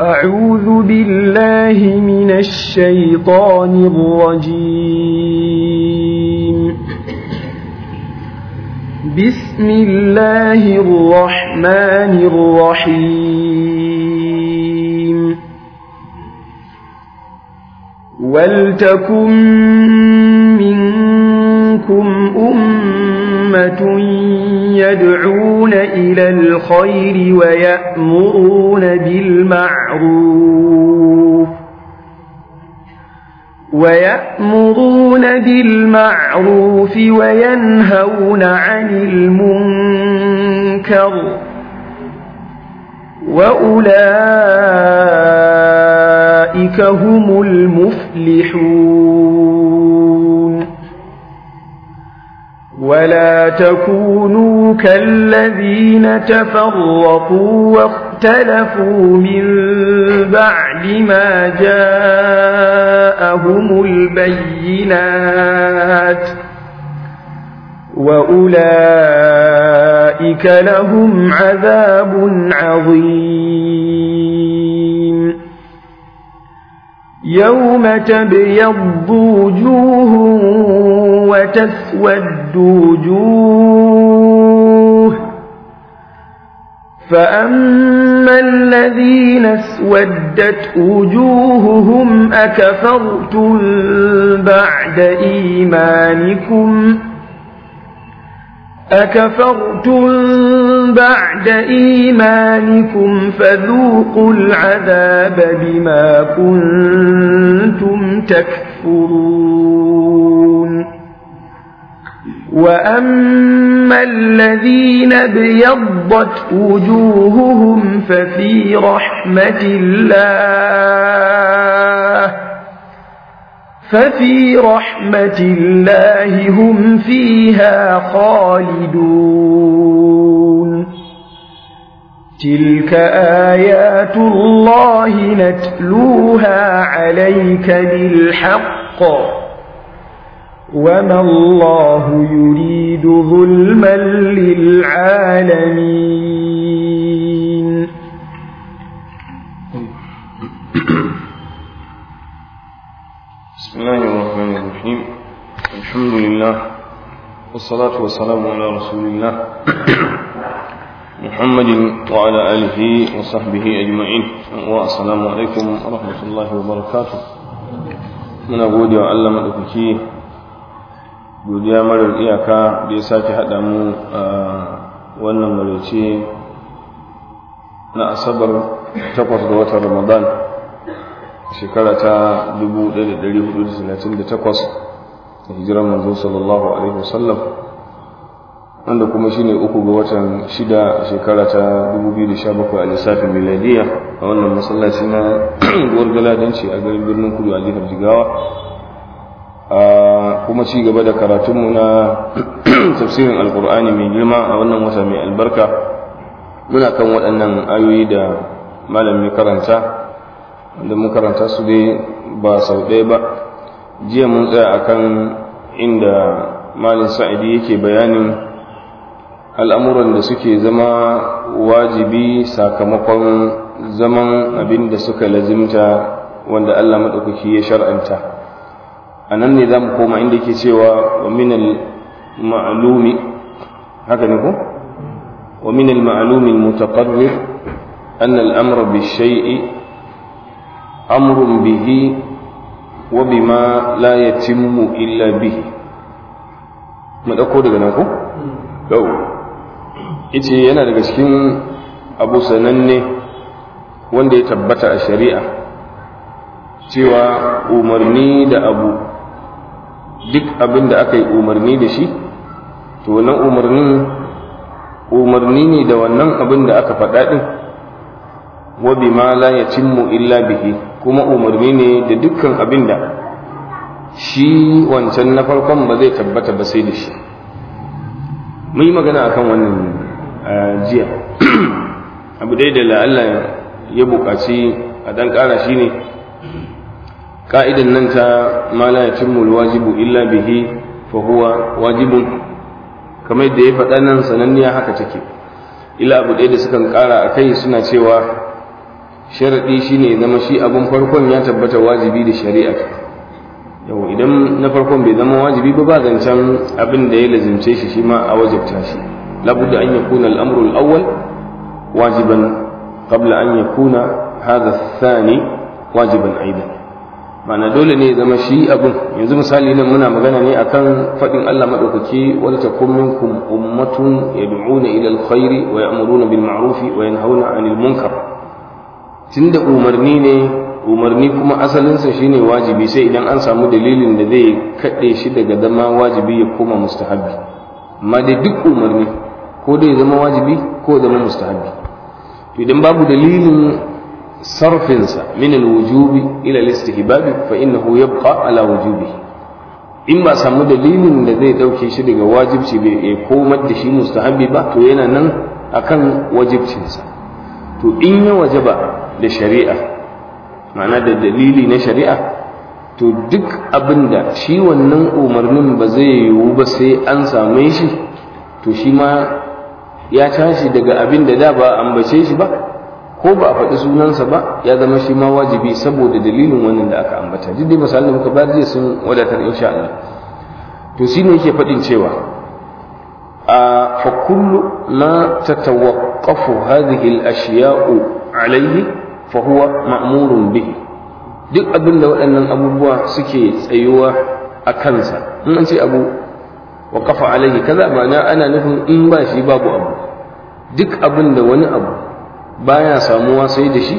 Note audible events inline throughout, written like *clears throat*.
أعوذ بالله من الشيطان الرجيم بسم الله الرحمن الرحيم ولتكن منكم أمة يدعون إلى الخير ويأمرون بالمعروف ويأمرون بالمعروف وينهون عن المنكر وأولئك هم المفلحون ولا تكونوا كالذين تفرقوا واختلفوا من بعد ما جاءهم البينات وأولئك لهم عذاب عظيم يوم تبيض وجوه وتسود وجوه فأما الذين اسودت وجوههم أكفرتم بعد إيمانكم أكفرتم بعد إيمانكم فذوقوا العذاب بما كنتم تكفرون وأما الذين ابيضت وجوههم ففي رحمة الله ففي رحمة الله هم فيها خالدون تلك آيات الله نتلوها عليك بالحق وما الله يريد ظلما للعالمين بسم الله الرحمن الرحيم الحمد لله والصلاة والسلام على رسول الله محمد وعلى آله وصحبه أجمعين والسلام عليكم ورحمة الله وبركاته من أبودي وعلم الله مدكتي أمر marar iyaka da وأنا مريتي haɗa mu a wannan shekara ta 1438 da hijirar manzo sallallahu alaihi wasallam wanda kuma shine uku ga watan shida shekara ta 2017 a lissafin miladiya a wannan masallaci na *clears throat* guwar galadanci a garin birnin kudu a jihar jigawa kuma ci gaba da karatunmu na *clears throat* tafsirin alkur'ani mai girma a wannan wata mai albarka muna kan waɗannan ayoyi da malam ya karanta wanda mun su dai ba sau ɗaya ba jiya mun tsaya akan inda malin sa'idi yake bayanin al'amuran da suke zama wajibi sakamakon zaman abin da suka lazimta wanda Allah maɗaukaki ya shar'anta a nan ne za mu koma inda ke cewa wa minal ma'alumi haka ne ku? wa minal ma'alumi an al'amura bishai'i amrun bihi وبما لا la إلا illa ما تقول dauko daga nan ko yau yace yana daga cikin abu sananne wanda ya tabbata a shari'a cewa umarni da abu duk abin da aka yi umarni da shi to wannan umarni ne da wannan abin da aka faɗa ɗin ma la ya yatimmu illa bihi kuma umarni ne da dukkan abin da shi wancan na farkon ba zai tabbata ba sai da shi mun yi magana a kan wannan jiya *clears throat* abu dai da la'alla ya buƙaci a ɗan ƙara shi ne ƙa'idan nan ta mala ya cimmul wajibu illa bihi fa huwa wajibun kamar da ya faɗa nan sananniya haka take ila abu ɗaya da sukan ƙara a kai suna cewa sharadi shine zama shi abun farkon ya tabbata wajibi da shari'a yau idan na farkon bai zama wajibi ba ba zancen abin da ya lazimce shi shi ma a wajibta shi labudda an yakuna al-amru al-awwal wajiban qabla an yakuna hadha ath-thani wajiban aidan mana dole ne zama shi abun yanzu misali nan muna magana ne akan fadin Allah maɗaukaki wal takum minkum ummatun yad'una ila al-khairi wa ya'muruna bil ma'rufi wa yanhauna 'anil munkar tunda umarni ne umarni kuma asalinsa shine wajibi sai idan an samu dalilin da zai kaɗe shi daga zama wajibi ya koma mustahabi amma dai duk umarni ko dai zama wajibi ko zama mustahabi to idan babu dalilin sarfinsa min alwujubi ila alistihbabi fa innahu yabqa ala wujubi in ba samu dalilin da zai dauke shi daga wajibci bai koma da shi mustahabi ba to yana nan akan wajibcinsa to in ya wajaba da shari'a ma'ana da dalili na shari'a to duk abinda da shi wannan umarnin ba zai yiwu ba sai an same shi to shi ma ya tashi daga abin da da ba ambace shi ba ko ba a faɗi sunansa ba ya zama shi ma wajibi saboda dalilin wannan da aka ambata duk dai misalin da muka bayar zai sun wadatar insha Allah to shi ne yake faɗin cewa a fa kullu ma tatawaqqafu hadhihi al-ashya'u alayhi fa huwa ma'murun bihi duk abin da waɗannan abubuwa suke tsayuwa a kansa in an ce abu wa kafa alaihi kaza ma'ana ana nufin in ba shi babu abu duk abin da wani abu baya samuwa sai da shi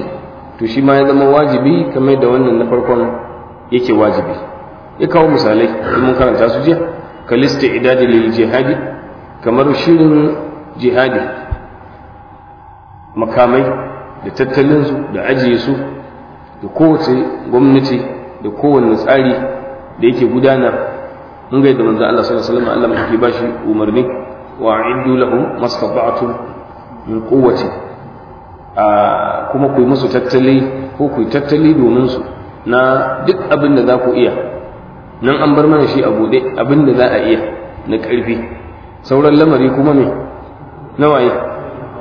to shi ma ya zama wajibi kamar da wannan na farkon yake wajibi ya kawo misalai in mun karanta su jiya kalista idadi lil jihadi kamar shirin jihadi makamai da tattalinsu da ajiye su da kowace gwamnati da kowane tsari da yake gudana mun ga yadda manzo Allah sallallahu alaihi wasallam Allah mai bashi umarni wa a'iddu lahum mastata'tum min quwwati a kuma ku yi musu tattali ko ku yi tattali domin su na duk abin da za ku iya nan an bar mana shi a bude abin da za a iya na ƙarfi sauran lamari kuma me nawaye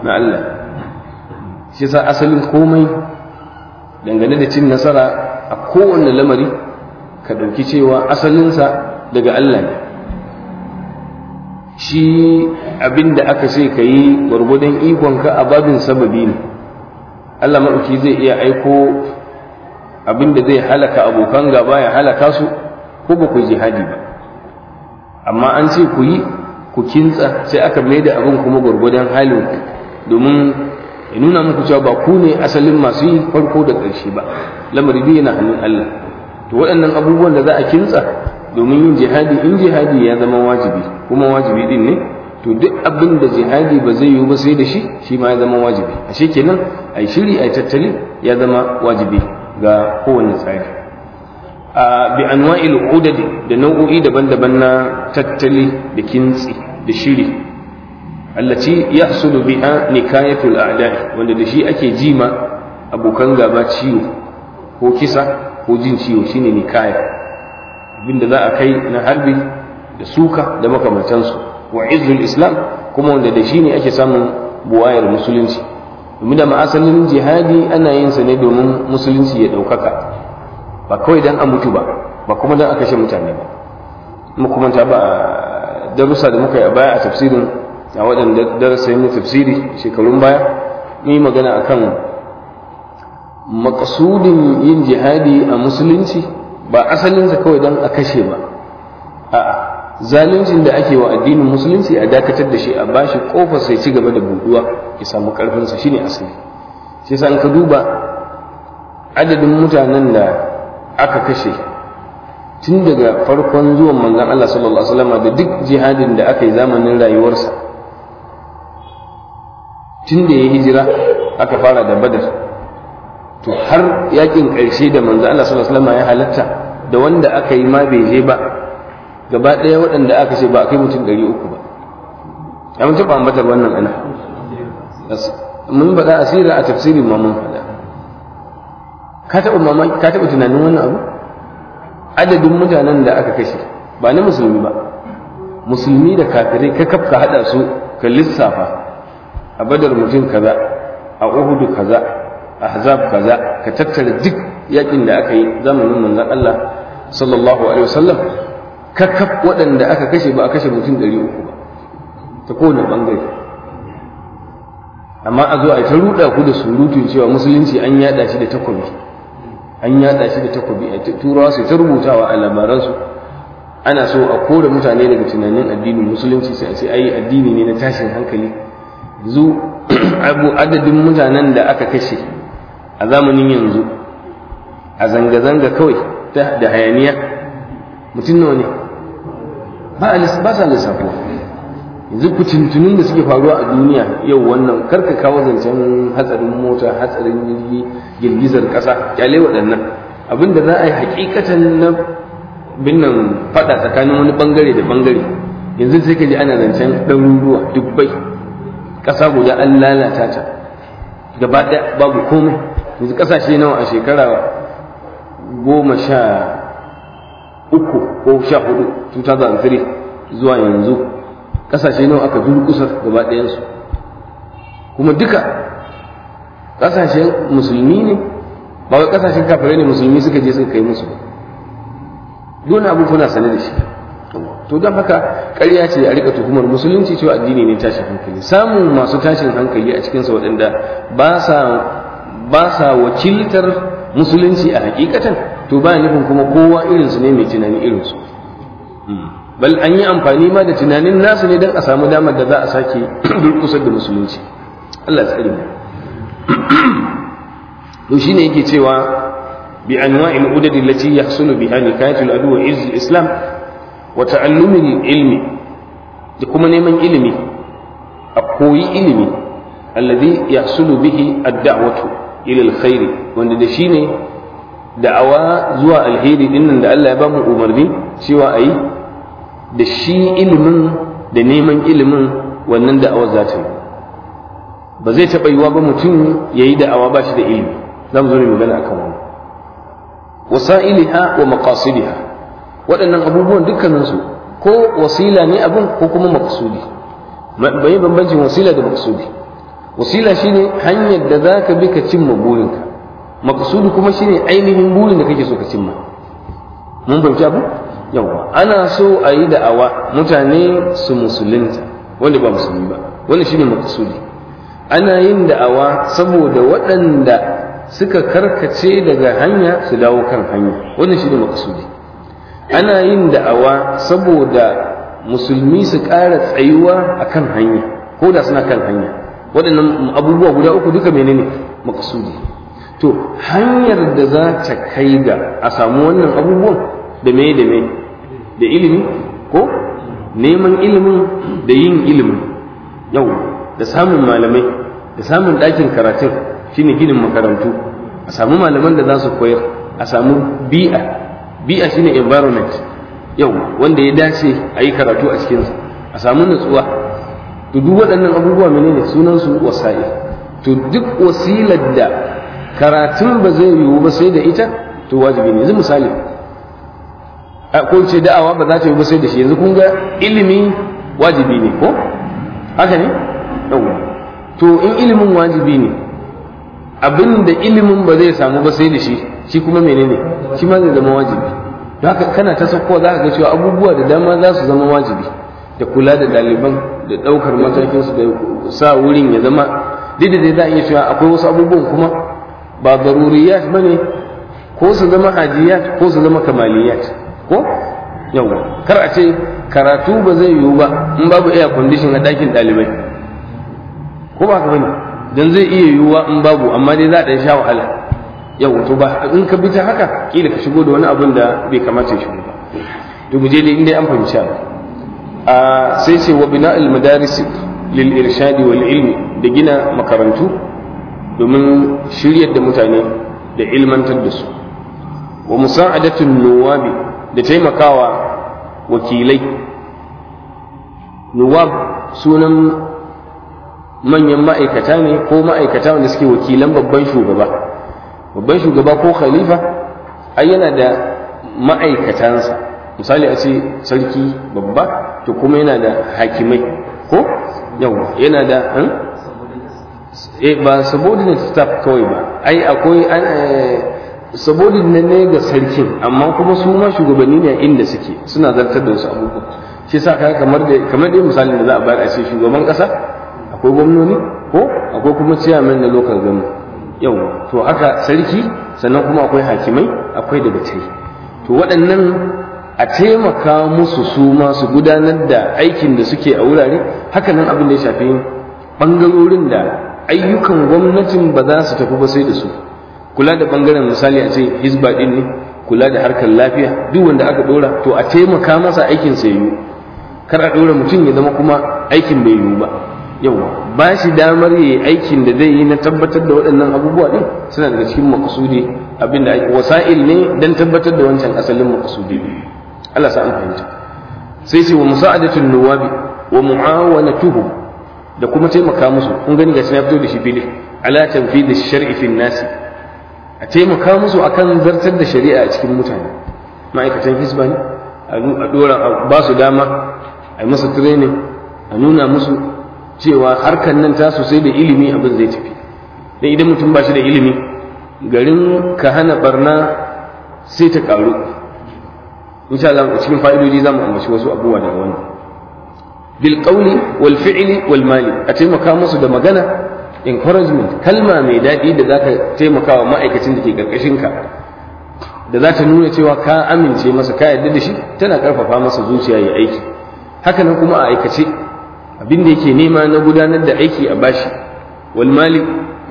na Allah shi sa asalin komai dangane da cin nasara a kowane lamari ka ɗauki cewa asalinsa daga Allah ne shi abin da aka ce ka yi gwargwadon ikonka a babin sababi ne Allah ma'auki zai iya aiko abin da zai halaka abokan gaba ya halaka su ko ba ku jihadi ba amma an ce ku yi ku kintsa sai aka mai da abin kuma gwargwadon halin domin ya nuna muku cewa ba ku ne asalin masu yi farko da ƙarshe ba lamari biyu yana hannun Allah to waɗannan abubuwan da za a kintsa domin yin jihadi in jihadi ya zama wajibi kuma wajibi din ne to duk abin da jihadi ba zai yiwu ba sai da shi shi ma ya zama wajibi a kenan a shiri a tattali ya zama wajibi ga kowane tsari a bi da nau'o'i daban-daban na tattali da kintsi da shiri allaci yahsulu biha nikayatul a'da'i wanda da shi ake jima abokan gaba ciwo ko kisa ko jin ciwo shine nikaya abinda za a kai na harbi da suka da makamantansu wa izzul islam kuma wanda da shi ne ake samun buwayar musulunci domin da ma'asalin jihadi ana yin sa ne domin musulunci ya ɗaukaka ba kawai dan an mutu ba ba kuma dan a kashe mutane ba kuma ta ba darussa da muka yi a baya a tafsirin a waɗanda darasa yin tafsiri shekarun baya mun yi magana akan makasudin yin jihadi a musulunci ba asalinsa kawai don a kashe ba a'a zaluncin da ake wa addinin musulunci a dakatar da shi a bashi kofar sai ci gaba da buduwa ya samu karfinsa shine asali shi san ka duba adadin mutanen da aka kashe tun daga farkon zuwan manzon Allah sallallahu alaihi wasallam da duk jihadin da aka yi zamanin rayuwarsa tun da ya hijira aka fara da badar to har yakin ƙarshe da manzo Allah sallallahu alaihi wasallam ya halatta da wanda aka yi ma bai je ba gaba ɗaya waɗanda aka ce ba a kai mutum ɗari uku ba ya mun taɓa ambatar wannan ana mun faɗa asira a tafsirin ma mun faɗa ka taɓa mamaki ka taɓa tunanin wannan abu adadin mutanen da aka kashe ba na musulmi ba musulmi da kafirai ka kafka haɗa su ka lissafa a badar mutum kaza a uhudu kaza a hazab kaza ka tattara duk yakin da aka yi zamanin manzon Allah sallallahu alaihi wasallam ka kaf waɗanda aka kashe ba a kashe mutum ɗari uku ba ta kowane bangare amma a zo a ta ruɗa ku da surutun cewa musulunci an yada shi da takobi an yada shi da takobi a turawa sai ta rubutawa a labaransu ana so a kore mutane daga tunanin addinin musulunci sai a ce ayi addini ne na tashin hankali zu abu adadin mutanen da aka kashe a zamanin yanzu a zanga-zanga kawai ta da hayaniya mutum nawa ne ba sa lissafo yanzu kucintunin da suke faruwa a duniya yau wannan karka kawo zancen hatsarin mota hatsarin jirgi girgizar ƙasa kyale waɗannan abin da za a yi hakikatan na binnan faɗa tsakanin wani bangare da bangare yanzu sai ka ji ana zancen ɗaruruwa dubbai ƙasa guda an lalata ta gaba ɗaya babu komai yanzu ƙasashe nawa a shekara goma sha uku ko sha hudu 2003 zuwa yanzu ƙasashe nawa aka durƙusa gaba ɗayansu kuma duka ƙasashen musulmi ne ba wai ƙasashen kafirai ne musulmi suka je suka kai musu dole abin kuna sane da shi to don haka karya ce a rika tuhumar musulunci cewa addini ne tashin hankali samun masu tashin hankali a cikinsa waɗanda ba sa wakiltar musulunci a hakikatan to ba nufin kuma kowa irinsu ne mai tunani irinsu hmm. bal an yi amfani ma da tunanin nasu ne don a samu damar da za a sake *clears throat* durkusar da musulunci Allah tsari ne. to shi ne yake cewa bi anwa'il udadi allati yahsulu biha nikayatul adu wa izz islam wa allumin ilmi da kuma neman ilimi a koyi ilimi alladhi yahsulu bihi ad-da'watu ila al wanda da shine da'awa zuwa alheri dinnan da Allah ya mu umarni cewa ayi da shi ilimin da neman ilimin wannan da'awar za yi ba zai taɓa yiwa ba mutum ya yi da'awa ba shi da ilimi za mu zo ne magana akan wannan wasailiha wa maqasidiha waɗannan abubuwan dukkaninsu ko wasila ne abin ko kuma maksudi bai bambancin wasila da maksudi wasila shine hanyar da za ka bi ka cimma burinka maksudi kuma shine ainihin burin da kake so ka cimma mun fahimci abu yawa ana so a yi da'awa mutane su musulunta wanda ba musulmi ba wannan shine maksudi ana yin da'awa saboda waɗanda suka karkace daga hanya su dawo kan hanya wannan shine maksudi ana yin da'awa saboda musulmi su ƙara tsayuwa a kan hanya ko da suna kan hanya waɗannan abubuwa guda uku duka menene makasudi to hanyar da za ta kai ga a samu wannan abubuwan da me da me da ilimi ko neman ilimin da yin ilimin yau da samun malamai da samun ɗakin karatun shine ginin makarantu a samu malaman da za su koyar a samu bi'a bi'a shine environment yau wanda ya dace a yi karatu a cikinsa a samu natsuwa to duk waɗannan abubuwa menene sunansu wasa'i to duk wasilar da karatun ba zai yiwu ba sai da ita to wajibi ne yanzu misali a ko ce da'awa ba za ta yi ba sai da shi yanzu kun ga ilimi wajibi ne ko haka ne yawwa to in ilimin wajibi ne abin da ilimin ba zai samu ba sai da shi shi kuma menene shi ma zai zama wajibi don haka kana ta saukowa za ka ga cewa abubuwa da dama za su zama wajibi da kula da ɗaliban da ɗaukar matakinsu da sa wurin ya zama duk da za a iya cewa akwai wasu abubuwan kuma ba daruriyat ba ne ko su zama hajiyat ko su zama kamaliyat ko yawwa kar a ce karatu ba zai yiwu ba in babu air condition a ɗakin ɗalibai ko ba ka bane dan zai iya yiwuwa in babu amma dai za a ɗan sha wahala yau to ba in ka bi ta haka kila ka shigo da wani abun da bai kamata ya shigo ba to mu je dai inda an fahimci a sai sai wa bina al madaris lil irshadi wal ilmi da gina makarantu domin shiryar da mutane da ilmantar da su wa musa'adatu nuwabi da taimakawa wakilai nuwab sunan manyan ma'aikata ne ko ma'aikata wanda suke wakilan babban shugaba babban shugaba ko khalifa ai yana da ma'aikatansa misali a ce sarki babba to kuma yana da hakimai ko yawa yana da hmm? eh ba subordinate staff kawai ba ai akwai an eh, subordinate ne ga sarkin amma kuma su ma shugabanni ne inda suke suna zartar da wasu abubuwa shi sa kaga kamar da kamar dai misalin da za a bayar a ce shugaban kasa akwai gwamnoni ko akwai kuma chairman na local government yau to haka sarki sannan kuma akwai hakimai akwai da batai to waɗannan a taimaka musu su ma su gudanar da aikin da suke a wurare hakanan abin da ya shafi ɓangarorin da ayyukan gwamnatin ba za su tafi ba sai da su kula da ɓangaren misali a ce hisba ɗin ne kula da harkar lafiya duk wanda aka ɗora to a taimaka masa aikin sai yiwu kar a ɗora mutum ya zama kuma aikin bai yiwu ba yawa ba shi damar yi aikin da zai yi na tabbatar da waɗannan abubuwa ɗin suna daga cikin makasudi abinda ake wasa'il ne don tabbatar da wancan asalin makasudi Allah sa an fahimta sai ce wa musa'adatul nuwabi wa tuhu da kuma taimaka musu kun gani ga na fito da shi fili ala tanfidi shar'i fi nasi a taimaka musu akan zartar da shari'a a cikin mutane ma'aikatan hisba ne a dora ba su dama a yi musu training a nuna musu cewa harkan nan ta sosai da ilimi abin zai tafi dan idan mutum ba shi da ilimi garin ka hana barna sai ta karu insha Allah cikin fa'idoji zamu ambaci wasu abubuwa daga wannan bil qawli wal fi'li wal mali a taimaka musu da magana encouragement kalma mai daɗi da zaka taimaka wa ma'aikacin da ke karkashin ka da za ta nuna cewa ka amince masa ka yarda da shi tana karfafa masa zuciya ya aiki haka nan kuma a aikace abin da yake nema na gudanar da aiki a bashi wal mali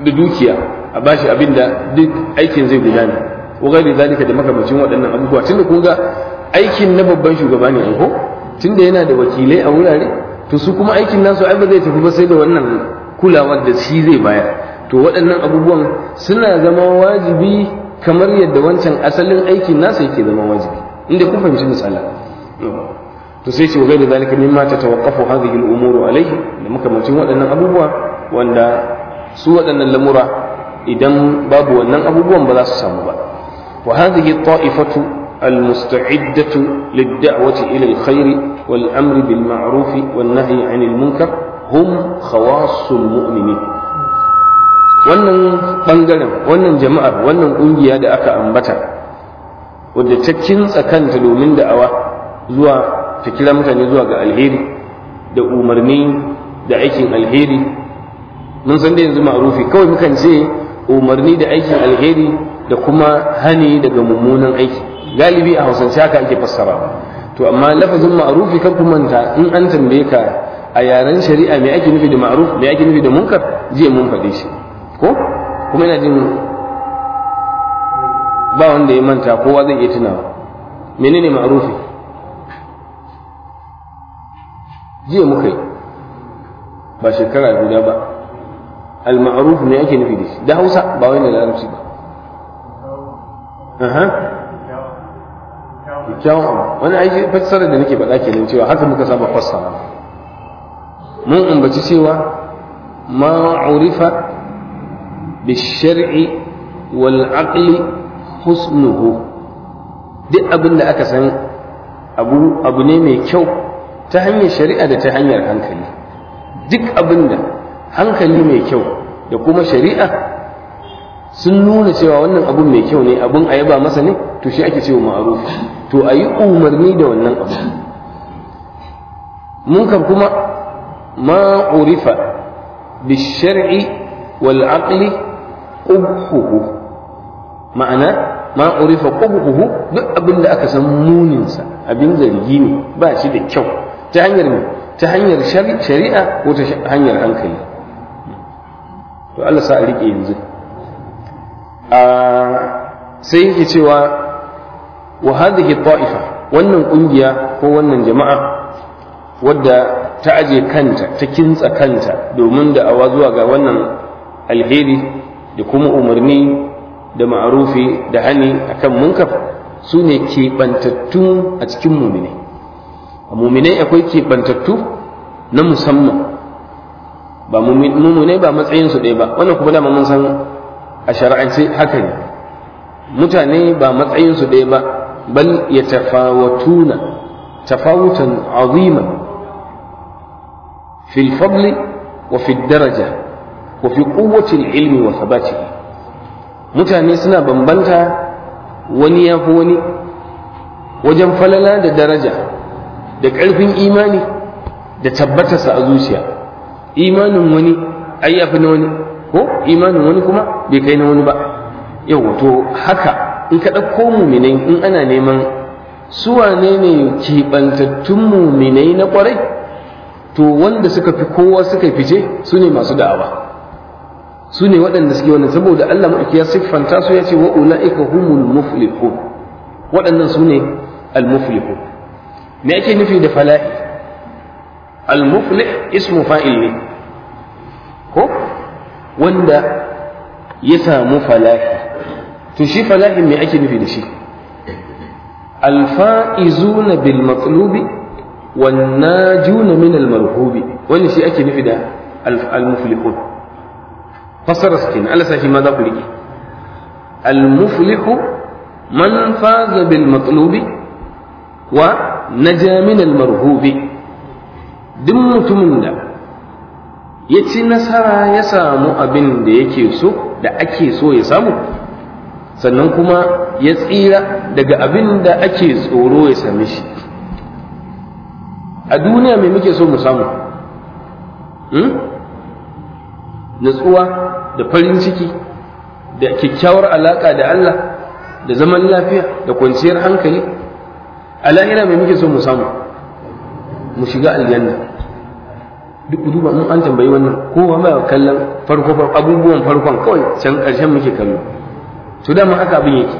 da dukiya a bashi abin da duk aikin zai gudana ko gari zalika da makamacin waɗannan abubuwa tunda kun ga aikin na babban shugaba ne ko tunda yana da wakilai a wurare to su kuma aikin nasu ai ba zai tafi ba sai da wannan kulawar da shi zai bayar to waɗannan abubuwan suna zama wajibi kamar yadda wancan asalin aikin nasa yake zama wajibi inda kun fahimci misala to sai ce wa gaida zalika mimma tatawaqqafu hadhihi al-umuru alayhi da makamancin waɗannan abubuwa wanda su waɗannan lamura idan babu wannan abubuwan ba za su samu ba wa hadhihi ta'ifatu المستعدة للدعوة wal'amri الخير والأمر بالمعروف والنهي عن munkar هم خواص المؤمنين wannan ɓangaren wannan jama'ar wannan ƙungiya da aka ambata wadda ta kintsa kanta domin da'awa zuwa ta kira mutane zuwa ga alheri da umarni da aikin alheri mun san da yanzu ma'arufi, kawai mukan ce umarni da aikin alheri da kuma hani daga mummunan aiki galibi a hausance haka ake fassara to amma lafazin ma'rufi kan manta in an tambaye ka a yaren shari'a me ake nufi da ma'ruf me ake nufi da munkar jiya mun faɗe shi ko kuma ina jin ba wanda ya manta kowa zai iya tunawa menene ma'arufi? jiya muka yi ba shekara guda ba al-ma'ruf ne ake nufi da shi da Hausa ba wai ne Larabci ba aha wani aiki fassara da nake faɗa kenan cewa haka muka saba fassara mun ambaci cewa ma urifa bishar'i wal aqli husnuhu duk abin da aka san abu abu ne mai kyau ta hanyar shari'a da ta hanyar hankali duk abin hankali mai kyau da kuma shari'a sun nuna cewa wannan abun mai kyau ne abin a yaba masa ne to shi ake cewa ma'aruf to a yi umarni da wannan abu munkar kuma ma urifa bishar'i wal aqli ma'ana ma urifa duk abin da aka san muninsa abin zargi ne ba shi da kyau ta hanyar ne ta hanyar shari'a ko ta hanyar hankali to Allah sa a rike yanzu a sai yake cewa wa hadhihi ta'ifa wannan kungiya ko wannan jama'a wadda ta aje kanta ta kintsa kanta domin da awa zuwa ga wannan alheri da kuma umarni da ma'arufi da hani akan munkar su ne keɓantattun a cikin mumini a akwai kebantattu na musamman ba muminai ba matsayinsu ɗaya ba wannan kuma dama mun san a shari'anci haka ne mutane ba matsayinsu ɗaya ba bal ya tafawatuna tafawutan azima fil fadli wa fil daraja wa fi kowacin ilmi wa mutane suna bambanta wani ya fi wani wajen falala da daraja da ƙarfin imani da tabbatarsa a zuciya imanin wani ai na wani ko imanin wani kuma bai kai na wani ba yau to haka in ka ɗauko muminai in ana neman su wane ne keɓantattun muminai na ƙwarai to wanda suka fi kowa suka fice su ne masu da'awa su ne waɗanda suke wannan saboda Allah maɗauki ya siffanta su ya ce wa ula'ika humul muflihun waɗannan su ne al muflihun me ake nufi da falahi al-muflih ismu fa'il ne ko wanda ya samu falahi to shi falahin me ake nufi da shi alfa'izuna bil matlubi wan najuna min al marhubi wannan shi ake nufi da al muflihun fasara sakin Allah saki ma za ku rike al muflihu man faza bil matlubi wa Na min almarhubi duk mutumin da ya ci nasara ya samu abin da yake so da ake so ya samu sannan kuma ya tsira daga abin da ake tsoro ya sami shi a duniya mai muke so mu samu hmm? natsuwa da farin ciki da kyakkyawar alaƙa da Allah da zaman lafiya da kwanciyar hankali a lahira mai muke so mu samu mu shiga aljanna duk duba mun an tambayi wannan kowa ba kallon farko abubuwan farkon kawai can karshen muke kallo to dama haka abin yake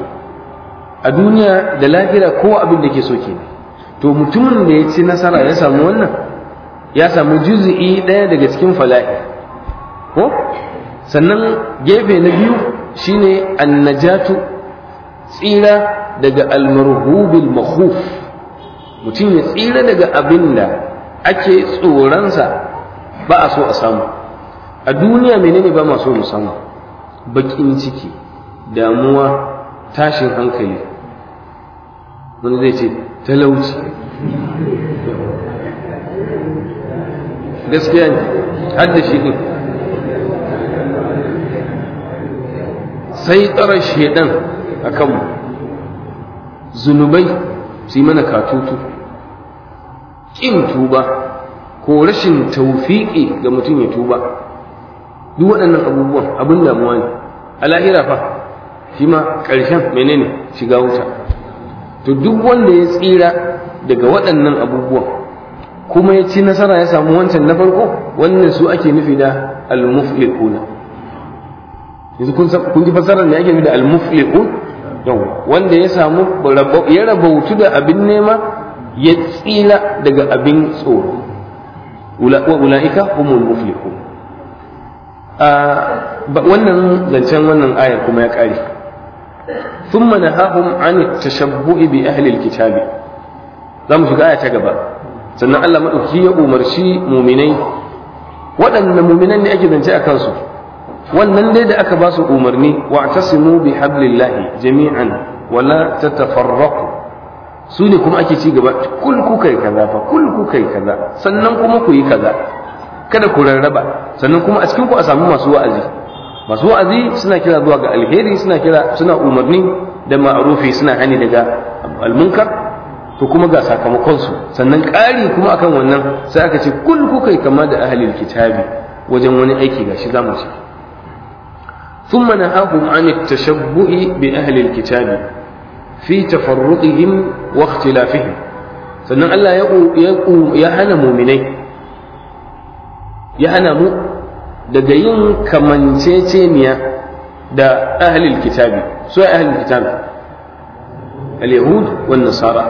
a duniya da lahira kowa abin da ke so ne, to mutumin da ya ci nasara ya samu wannan ya samu juzu'i ɗaya daga cikin fala'i ko sannan gefe na biyu shine annajatu tsira daga almarhubil makhuf mutum ya tsira daga abin da ake tsoronsa ba a so a samu a duniya menene ba masu so mu samu bakin ciki damuwa tashin hankali wani zai ce talauci gaskiya ne har da shi ɗin sai tsarar shaidan a kanmu zunubai su yi mana katutu ƙin tuba ko rashin taufiƙi ga mutum ya tuba duk waɗannan abubuwan abin damuwa ne a lahira fa shi ma ƙarshen menene shiga wuta to duk wanda ya tsira daga waɗannan abubuwan kuma ya ci nasara ya samu wancan na farko wannan su ake nufi da al yanzu kun ji fasarar ne ake nufi da al yau wanda ya samu ya rabautu da abin nema ya tsila daga abin tsoro wa ula'ika humul muflihun wannan zancen wannan ayar kuma ya kare ثم نهاهم عن bi بأهل Za mu shiga aya ta gaba sannan Allah madauki ya umarci muminai waɗannan muminan ne ake zance a kansu wannan dai da aka ba su umarni wa tasimu bi hablillahi jami'an wala tatafarraqu su ne kuma ake ci gaba kul ku kai kaza fa kul ku kai kaza sannan kuma ku yi kaza kada ku rarraba sannan kuma a cikin ku a samu masu wa'azi masu wa'azi suna kira zuwa ga alheri suna kira suna umarni da ma'rufi suna hani daga almunkar to kuma ga sakamakonsu sannan ƙari kuma akan wannan sai aka ce kul kuka kama da ahalin kitabi wajen wani aiki gashi zamu ce ثم نهاهم عن التشبؤ بأهل الكتاب في تفرقهم واختلافهم sannan Allah ya hana muminai ya hana mu daga yin kamanceceniya da ahlil kitabi so ahlil kitabi al-yahud wan nasara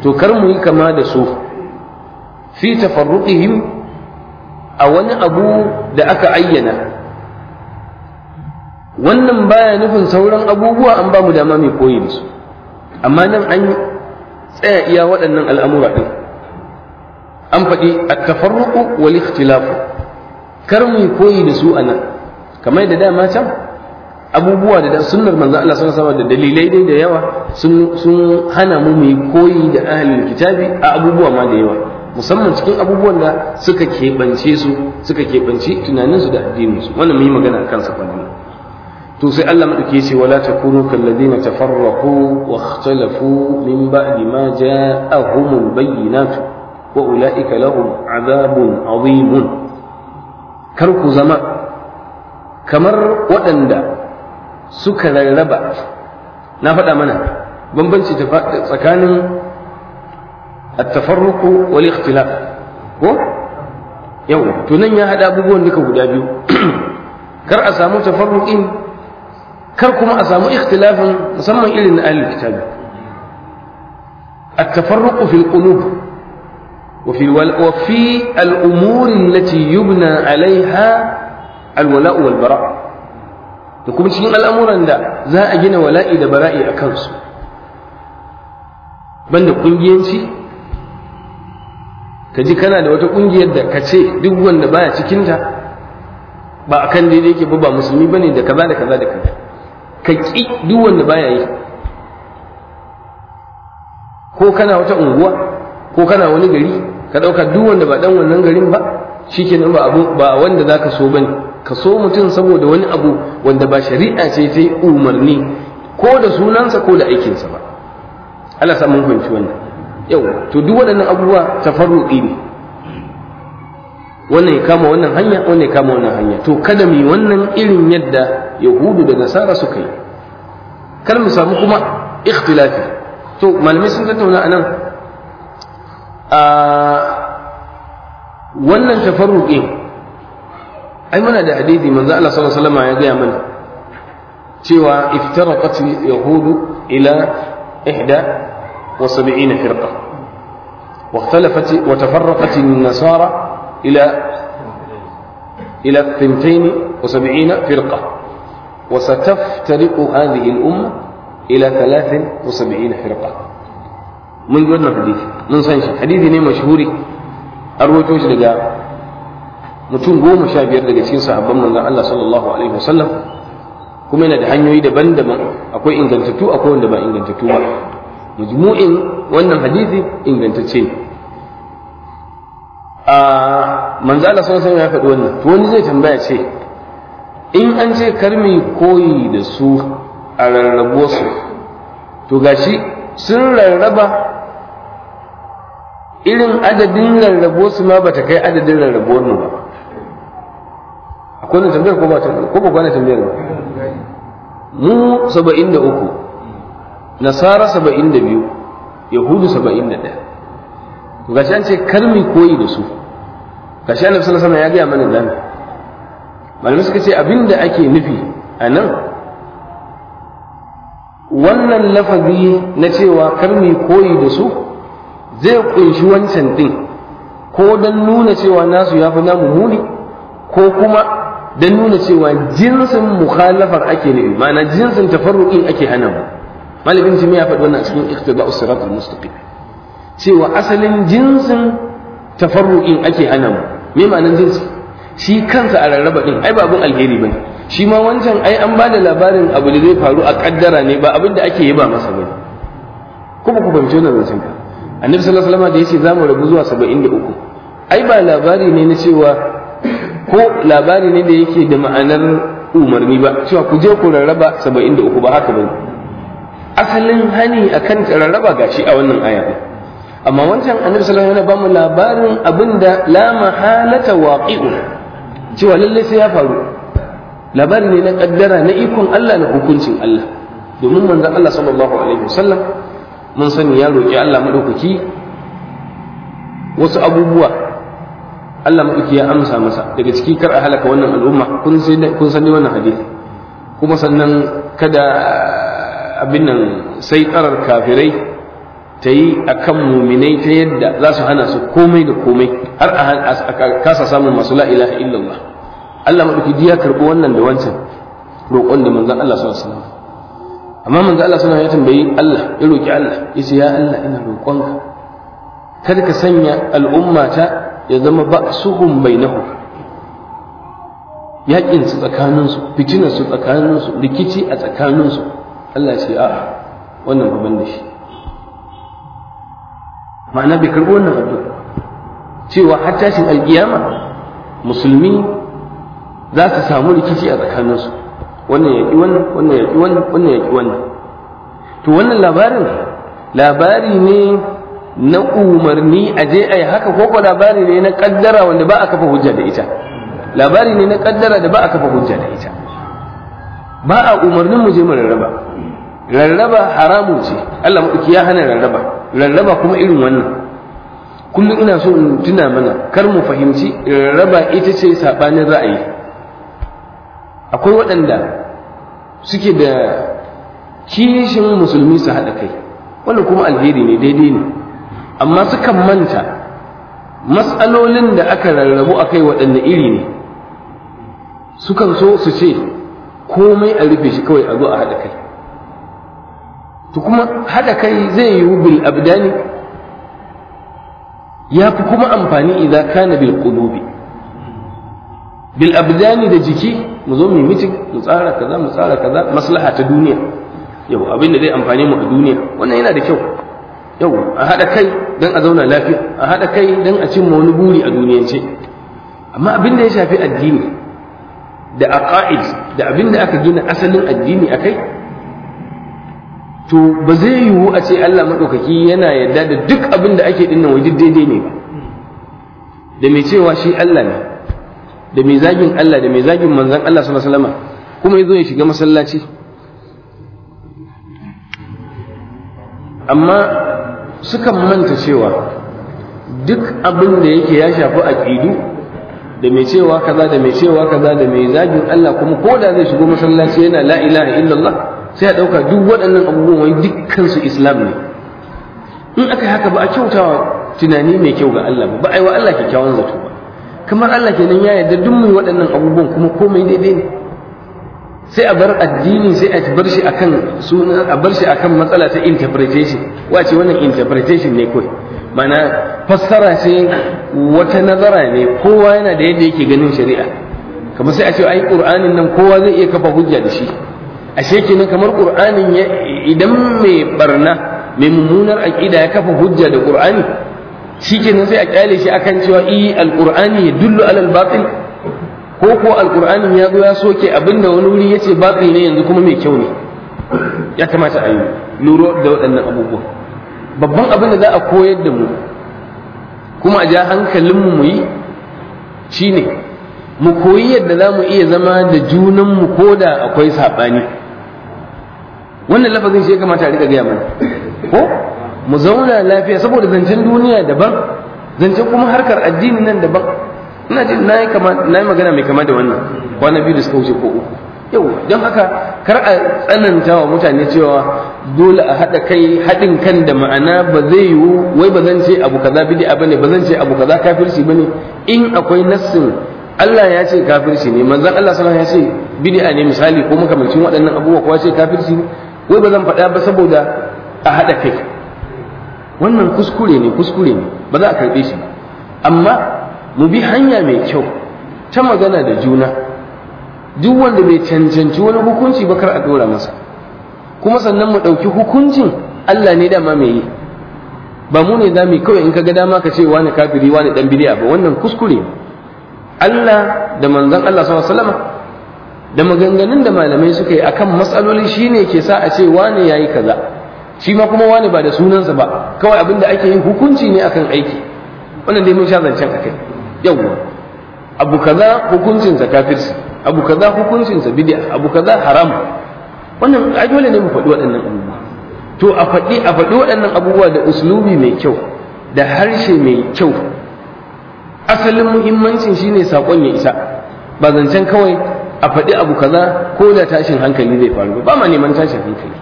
to kar mu yi kama da su fi tafarruqihim a wani abu da aka ayyana wannan baya nufin sauran abubuwa an ba mu dama mai koyi da su amma nan an tsaya iya waɗannan al'amura ɗin an faɗi a tafarruku wal tilafu, kar mu koyi da su a nan. kamar da dama can abubuwa da sunnar manzo Allah sun sama da dalilai dai da yawa sun hana mu mu koyi da ahlul kitabi a abubuwa ma da yawa musamman cikin abubuwan da suka keɓance su suka keɓance tunaninsu da addininsu wannan mu yi magana a kansa kwanan to sai Allah madauke ce wala takunu kal ladina tafarraqu wa ikhtalafu min ba'di ma ja'ahumul bayyinatu wa ulaika lahum adhabun adhimun kar ku zama kamar waɗanda suka rarraba na faɗa mana bambanci tsakanin at-tafarruqu wal ikhtilaf ko yau to nan ya haɗa abubuwan duka guda biyu kar a samu tafarruqin كركم أسامو اختلافا مصمم إلى أهل الكتاب التفرق في القلوب وفي, وفي الأمور التي يبنى عليها الولاء والبراء تقول بشيء الأمور أن ذا أجن ولاء إذا براء أكرس بند قنجينتي كجي كان لو تقنجي يدك كتي دقوا النباية تكينتا بأكن دي ديكي ببا مسلمي بني دكبالك ذلك كبالك ka ƙi duk wanda baya yi ko kana wata unguwa ko kana wani gari ka ɗauka duk wanda ba ɗan wannan garin ba shikenan ba abu ba wanda zaka so bane ka so mutum saboda wani abu wanda ba shari'a ce ta yi umarni ko da sunansa ko da aikinsa ba Allah sa mun fahimci wannan yau to duk waɗannan abubuwa tafarruqi ne wannan ya kama wannan hanya wannan ya kama wannan hanya to kada mu wannan irin yadda yahudu da nasara suka yi kar mu samu kuma ikhtilafi to malamai sun tattauna anan a wannan tafarruqi ai muna da hadisi manzo Allah sallallahu alaihi wasallam ya gaya mana cewa iftaraqat yahudu ila ihda wa sab'ina firqa واختلفت وتفرقت النصارى إلى إلى الثنتين وسبعين فرقة وستفترق هذه الأمة إلى ثلاث وسبعين فرقة من قلنا حديث من صحيح حديث نيم مشهوري أروي وجه لقاء متون قوم شاب يردق سين صحابة من الله صلى الله عليه وسلم كما دحن حنيو إذا بند أقول إن كنت تتو أقول إن كنت تتو مجموع وأن الحديث إن كنت تتو a manzo Allah sallallahu ya faɗi wannan to wani zai tambaya ce in an ce karmi koyi da su a rarrabo su to gashi sun rarraba irin adadin rarrabo su ma bata kai adadin rarrabo mu ba akwai tambayar ko ba tambayar ko ba kwana tambayar ba mu 73 nasara 72 yahudu 71 ga shi an ce karmi koyi da su ga shi annabi sallallahu alaihi wasallam ya gaya mana dan malamai suka ce abinda ake nufi a nan wannan lafazi na cewa karmi koyi da su zai kunshi wancan din ko don nuna cewa nasu ya fi namu muni ko kuma don nuna cewa jinsin mukhalafar ake nufi ma'ana jinsin tafarruqin ake hana mu malamin ya faɗi wannan a cikin iqtida'us siratal mustaqim cewa asalin jinsin tafarru'in ake hana mu me ma'anar jinsi shi kansa a rarraba din ai ba abin alheri bane shi ma wancan ai an ba da labarin abu da zai faru a kaddara ne ba abin da ake yi ba masa bane kuma ku fahimci wannan zancen ka annabi sallallahu alaihi wasallam da yace zamu rabu zuwa 73 ai ba labari ne na cewa ko labari ne da yake da ma'anar umarni ba cewa ku je ku rarraba 73 ba haka bane asalin hani akan rarraba gashi a wannan ayatin amma wancan annabi sallallahu alaihi wasallam yana ba mu labarin abinda la mahalata waqi'u cewa lalle sai ya faru labarin ne na kaddara na ikon Allah na hukuncin Allah domin manzon Allah sallallahu alaihi wasallam mun sani ya roki Allah madaukaki wasu abubuwa Allah madaukaki ya amsa masa daga ciki kar a halaka wannan al'umma kun sani kun sani wannan hadisi kuma sannan kada abin nan sai karar kafirai ta yi a kan muminai ta yadda za su hana su komai da komai har a kasa samun masu la'ila ilaha illallah Allah maɗauki diya karɓi wannan da wancan roƙon da manzan Allah sallallahu alaihi wasallam amma manzan Allah sallallahu ya tambayi Allah ya roƙi Allah ya ce ya Allah ina roƙonka kada ka sanya al'ummata ya zama ba'suhum bainahum yaƙin su tsakaninsu fitinar su tsakaninsu rikici a tsakaninsu Allah ya ce a'a wannan ban da shi ma'ana bai karɓi wannan addu'a cewa har tashin alkiyama musulmi za su samu rikici a tsakaninsu wannan ya wannan wannan ya wannan wannan ya wannan to wannan labarin labari ne na umarni a je a yi haka ko ko labari ne na kaddara wanda ba a kafa hujja da ita labari ne na kaddara da ba a kafa hujja da ita ba a umarnin mu je mu rarraba rarraba haramun ce Allah mu ya hana rarraba rarraba kuma irin wannan kullum ina so in tuna mana kar mu fahimci rarraba ita ce saɓanin ra'ayi akwai waɗanda suke da kishin musulmi su haɗa kai wannan kuma alheri ne daidai ne amma sukan manta matsalolin da aka rarrabu a kai waɗanne iri ne sukan so su ce komai a rufe shi kawai a zo a haɗa kai to kuma haɗa kai zai yiwu bil abdani ya fi kuma amfani idan kana bil qulubi bil abdani da jiki mu zo mu mitin mu tsara kaza mu tsara kaza maslaha ta duniya yau abin da zai amfane mu a duniya wannan yana da kyau yau a haɗa kai don a zauna lafiya a haɗa kai don a cimma wani buri a duniyance amma abin da ya shafi addini da aqaid da abin da aka gina asalin addini a kai to ba zai yiwu a ce Allah maɗaukaki yana yarda da duk abin da ake dinnan wai daidai ne ba da mai cewa shi Allah ne da mai zagin Allah da mai zagin manzon Allah sallallahu alaihi kuma yazo ya shiga masallaci amma sukan manta cewa duk abin da yake ya shafi aqidu da mai cewa kaza da mai cewa kaza da mai zagin Allah kuma ko da zai shigo masallaci yana la ilaha illallah sai a ɗauka duk waɗannan abubuwan wani dukkansu islam ne in aka yi haka ba a kyautawa tunani mai kyau ga Allah ba ba a yi wa Allah kyakkyawan zato ba kamar Allah kenan ya yarda duk mai waɗannan abubuwan kuma komai daidai ne sai a bar addini sai a bar shi akan suna a bar shi akan matsala ta interpretation wace wannan interpretation ne kawai mana fassara ce wata nazara ne kowa yana da yadda yake ganin shari'a kamar sai a ce ai qur'anin nan kowa zai iya kafa hujja da shi ashe kenan kamar qur'anin idan mai barna mai mummunar aqida ya kafa hujja da qur'ani shikenan sai a kyale shi akan cewa i alqur'ani yadullu alal albatil ko ko alqur'ani ya zo ya soke abinda wani wuri yace batil ne yanzu kuma mai kyau ne ya kamata a yi nuro da waɗannan abubuwa babban abin da za a koyar da mu kuma a ja hankalinmu mu yi shine mu koyi yadda za mu iya zama da junanmu ko da akwai saɓani wannan lafazin shi ya kamata a rika gaya mana ko mu zauna lafiya saboda zancen duniya daban zancen kuma harkar addini nan daban ina jin na yi magana mai kama da wannan kwana biyu da suka wuce ko uku yau don haka kar a tsananta wa mutane cewa dole a haɗa kai haɗin kan da ma'ana ba zai yiwu wai ba zan ce abu kaza a bane ba zan ce abu kaza kafirci bane in akwai nassin Allah ya ce kafirci ne manzon Allah sallallahu alaihi wasallam ya ce bid'a ne misali ko makamancin waɗannan abubuwa kowa ce kafirci ne wai ba zan faɗa ba saboda a haɗa kai wannan kuskure ne kuskure ne ba za a karɓe shi amma mu bi hanya mai kyau ta magana da juna duk wanda bai cancanci wani hukunci ba kar a ɗora masa kuma sannan mu ɗauki hukuncin Allah ne dama mai yi ba mu ne zamu kawai in ka ga dama ka ce wani kafiri wani dan bidiya ba wannan kuskure Allah da manzon Allah sallallahu alaihi wasallam da maganganun da malamai suka yi akan matsaloli shine ke sa a ce wane yayi kaza shi ma kuma wane ba da sunansa ba kawai abinda ake yin hukunci ne akan aiki wannan dai mun sha zancen akai yawwa abu kaza hukuncinsa kafirci abu kaza hukuncinsa bid'a abu kaza haram wannan ai dole ne mu faɗi waɗannan abubuwa to a faɗi a faɗi waɗannan abubuwa da uslubi mai kyau da harshe mai kyau asalin muhimmancin shine sakon ya isa ba zancen kawai a faɗi abu kaza ko da tashin hankali zai faru ba ma neman tashin hankali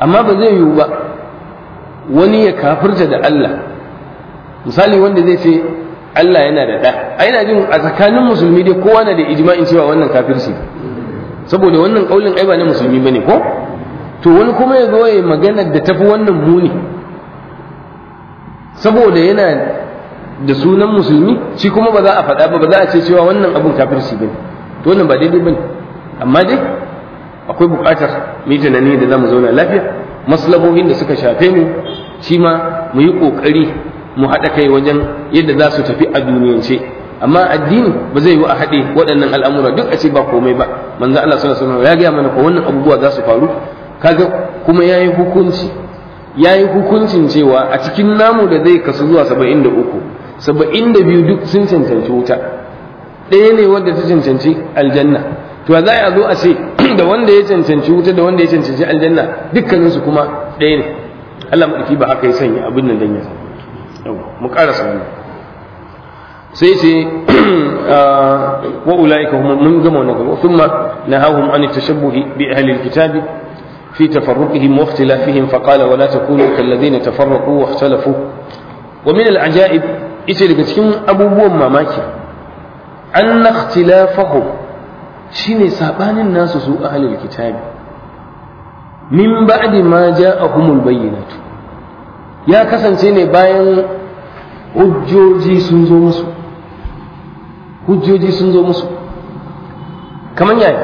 amma ba zai yiwu ba wani ya kafirta da Allah misali wanda zai ce Allah yana da ɗa a yana jin a tsakanin musulmi dai kowa na da ijma'in cewa wannan kafirci saboda wannan ƙaulin ai ba na musulmi bane ko to wani kuma ya zo ya magana da tafi wannan muni saboda yana da sunan musulmi shi kuma ba za a faɗa ba ba za a ce cewa wannan abun kafirci bane dole ba daidai bane amma dai akwai bukatar mu yi tunani da zamu zauna lafiya maslahohin da suka shafe mu shi ma mu yi ƙoƙari mu haɗa kai wajen yadda za su tafi a duniyance amma addini ba zai yi a haɗe waɗannan al'amura duk a ce ba komai ba manzo Allah sallallahu alaihi wasallam ya ga mana ko wannan abubuwa za su faru kaga kuma yayi hukunci yayi hukuncin cewa a cikin namu da zai kasu zuwa 73 72 duk sun cancanci wuta ɗaya ne wanda ta cancanci aljanna to za a zo a ce *clears throat* da wanda ya cancanci wuta da wanda ya cancanci aljanna dukkaninsu kuma ɗaya ne Allah maɗauki ba haka ya sanya abin nan dan ya mu ƙara sauni sai ce *clears throat* uh, wa ulaika hum mun gama wannan gaba thumma nahahum an tashabbuhi bi ahli alkitabi fi tafarruqihim wa ikhtilafihim fa qala wa la takunu kal ladina tafarraqu wa ikhtalafu wa min al ajaib ita daga cikin abubuwan mamaki anna ikhtilafahum shine sabanin nasu su ahlul kitabi min ba'di ma ja'ahumul bayyinatu ya kasance ne bayan hujjoji sun zo musu hujjoji sun zo musu kamar yayi,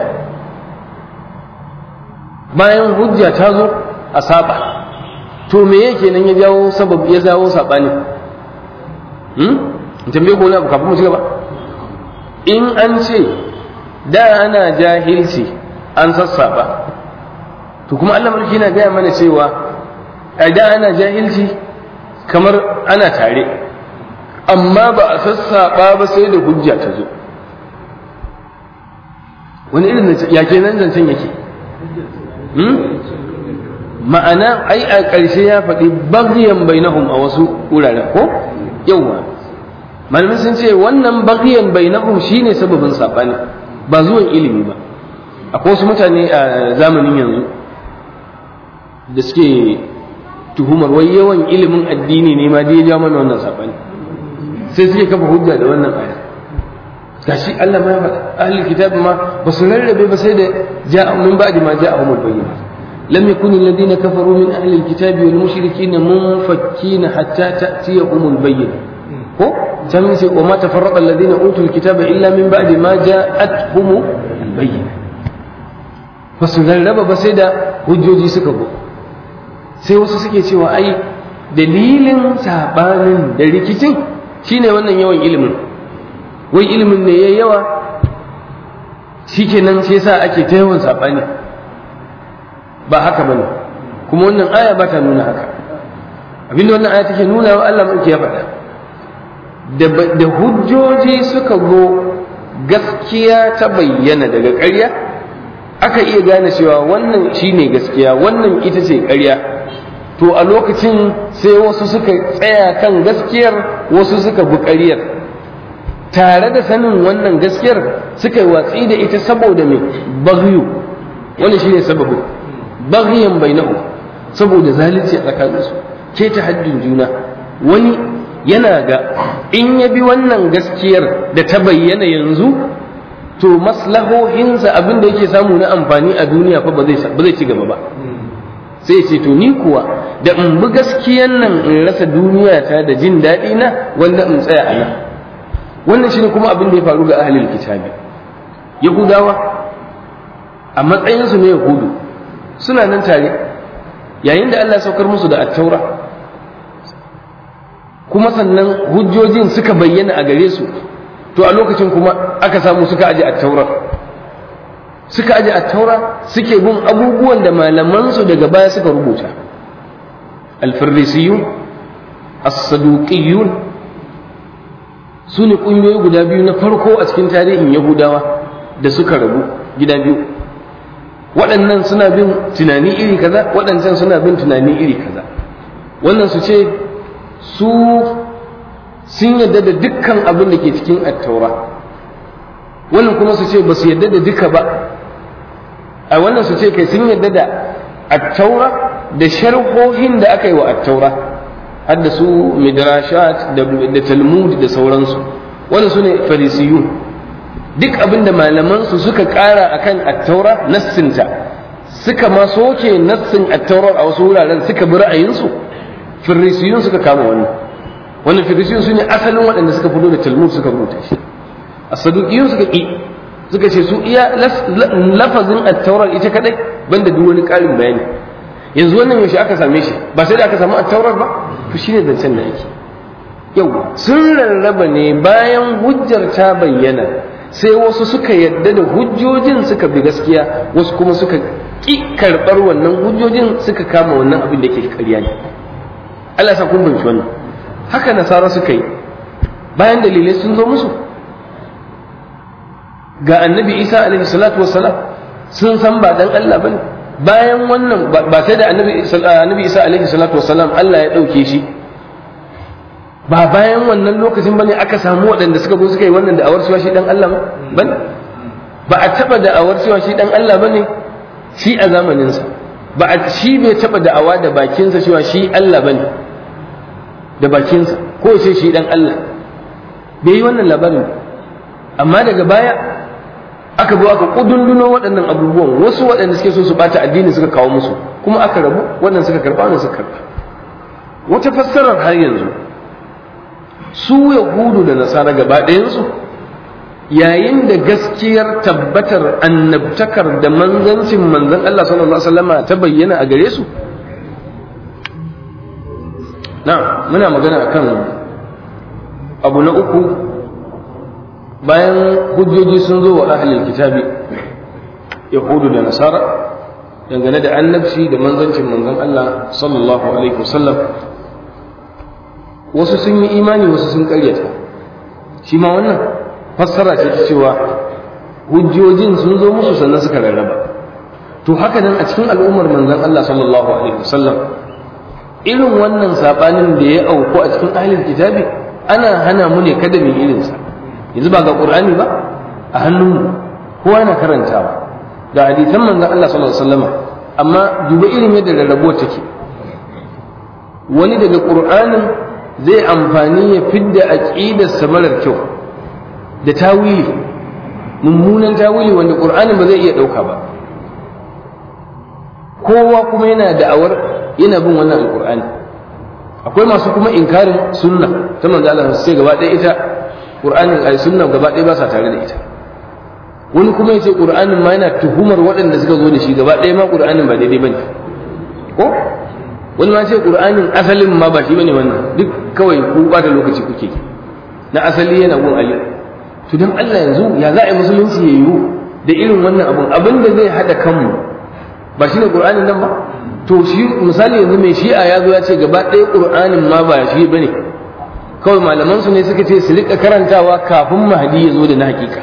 bayan hujja ta zo a saba to me yake nan ya jawo sabab ya jawo sabani hmm tambaye ko na abu kafin mu ci gaba in an ce da ana jahilci an sassaba to kuma Allah mulki na gaya mana cewa a da ana jahilci kamar ana tare amma ba a sassaba ba sai da hujja ta zo wani irin ya ke nan zancen yake hmm? ma'ana ai a ƙarshe ya faɗi bagiyan bainahum a wasu wuraren ko yawwa Malamin sun ce wannan bagiyan bai na nahu shine sababin saɓani ba zuwan ilimi ba akwai wasu mutane a zamanin yanzu da suke tuhumar wai yawan ilimin addini ne ma dai ya mana wannan saɓani, sai suke kafa hujja da wannan aya shi Allah ma faɗa ahlul kitab ma ba su rarrabe ba sai da ja'a min ba'di ma ja'a humul bayyinah lam yakun alladhina kafaru min ahlil kitabi wal mushrikeen munfakkina hatta ta'tiyahumul bayyinah ko can sai wa ma tafarraqa alladhina utul kitaba illa min ba'di ma ja'atuhum bayyana ba su rarraba ba sai da hujjoji suka go sai wasu suke cewa ai dalilin sabanin da rikicin shine wannan yawan ilimin wai ilimin ne yayi yawa shikenan sai sa ake ta yawan sabani ba haka bane kuma wannan aya ba ta nuna haka abinda wannan aya take nuna wa Allah mun ke faɗa da hujjoji suka go gaskiya ta bayyana daga ƙarya aka iya gane cewa wannan shine gaskiya wannan ita ce ƙarya to a lokacin sai wasu suka tsaya kan gaskiyar wasu suka bi ƙaryar tare da sanin wannan gaskiyar suka yi watsi da ita saboda mai bagyu wani shi ne sababu bagyan bainahu saboda zalunci a tsakaninsu ke ta haddin juna wani yana ga in ya bi wannan gaskiyar da ta bayyana yanzu to maslahohinsa abin da yake samu na amfani a duniya fa ba zai ci gaba ba sai ce to ni kuwa da in bi gaskiyan nan in rasa duniya ta da jin daɗi na wanda in tsaya a nan wannan shine kuma abin da ya faru ga ahalin kitabi yahudawa a matsayinsu ne yahudu suna nan tare yayin da Allah saukar musu da attaura kuma sannan hujjojin suka bayyana a gare su to a lokacin kuma aka samu suka aje a taura suka aje a taura suke bin abubuwan da malamansu daga baya suka rubuta alfarrisiyun as-saduqiyun su ne ƙungiyoyi guda biyu na farko a cikin tarihin yahudawa da suka rabu gida biyu waɗannan suna bin tunani iri kaza waɗancan suna bin tunani iri kaza wannan su ce su sun yadda da dukkan abin da ke cikin attaura wannan kuma su ce ba su yadda da duka ba a wannan su ce kai sun yadda da attaura da sharhohin da aka yi wa attaura har da su midrashat da talmud da sauransu wannan su ne farisiyun duk abin da malamansu suka ƙara akan attaura nassinta suka ma soke nassin attaurar a wasu wuraren suka bi ra'ayinsu firrisiyun suka kama wannan wannan firrisiyun su ne asalin waɗanda suka fito da talmud suka rubuta shi asadukiyun suka ƙi suka ce su iya lafazin attaurar ita kadai banda duk wani ƙarin bayani yanzu wannan yaushe aka same shi ba sai da aka samu attaurar ba to shine zancen da yake yau sun rarraba ne bayan hujjar ta bayyana sai wasu suka yadda da hujjojin suka bi gaskiya wasu kuma suka ƙi karɓar wannan hujjojin suka kama wannan abin da ke ƙarya ne Allah sa kun binci wannan haka nasara suka yi bayan dalilai sun zo musu ga annabi isa alaihi salatu wassalam sun san ba dan Allah bane bayan wannan ba sai da ah, annabi isa alaihi salatu wassalam Allah ya dauke shi ba bayan wannan lokacin bane aka samu waɗanda suka zo suka yi wannan awar suwa shi dan Allah bane ba a taba awar suwa shi dan Allah bane shi a zamaninsa ba a shi bai taba da'awa da bakinsa cewa shi Allah bane da bakinsa ko sai shi dan Allah bai yi wannan labarin amma daga baya aka bi aka kudunduno waɗannan abubuwan wasu waɗanda suke so su bata addini suka kawo musu kuma aka rabu waɗanda suka karɓa waɗanda suka karɓa wata fassarar har yanzu su yahudu da nasara gaba ɗayansu yayin da gaskiyar tabbatar annabtakar da manzancin manzan Allah sallallahu alaihi wasallama ta bayyana a gare su na muna magana akan abu na uku bayan hujjoji sun zo wa ahlul kitabi yahudu da nasara dangane da annabci da manzancin manzon Allah sallallahu alaihi wasallam wasu sun yi imani wasu sun karyata shi ma wannan fassara ce ta cewa hujjojin sun zo musu sannan suka rarraba to haka nan a cikin al'ummar manzon Allah sallallahu alaihi wasallam irin wannan saɓanin da ya auku a cikin ahlul kitabi ana hana mu ne kada mu irin sa yanzu ba ga qur'ani ba a hannun mu kowa karantawa da hadisan manzon Allah sallallahu alaihi wasallam amma duba irin yadda rarrabuwa take wani daga qur'anin zai amfani ya fidda aqidar samarar kyau da tawili mummunan tawili wanda qur'anin ba zai iya dauka ba kowa kuma yana da'awar yana bin wannan Alƙur'ani, akwai masu kuma inkarin sunna ta manzo Allah sai gaba ɗaya ita qur'anin ai sunna gaba ɗaya ba sa tare da ita wani kuma yace qur'anin ma yana tuhumar waɗanda suka zo da shi gaba ɗaya ma qur'anin ba daidai bane ko wani ma ce qur'anin asalin ma ba shi bane wannan duk kawai ku bata lokaci kuke na asali yana gun ali to dan Allah yanzu ya za a yi musulunci ya yiwu da irin wannan abun abin da zai hada kanmu ba shi ne ƙur'anin nan ba to shi misali yanzu mai shi'a ya zo ya ce gaba ɗaya ƙur'anin ma ba shi ba ne kawai malaman su ne suka ce su riƙa karantawa kafin mahadi ya zo da na hakika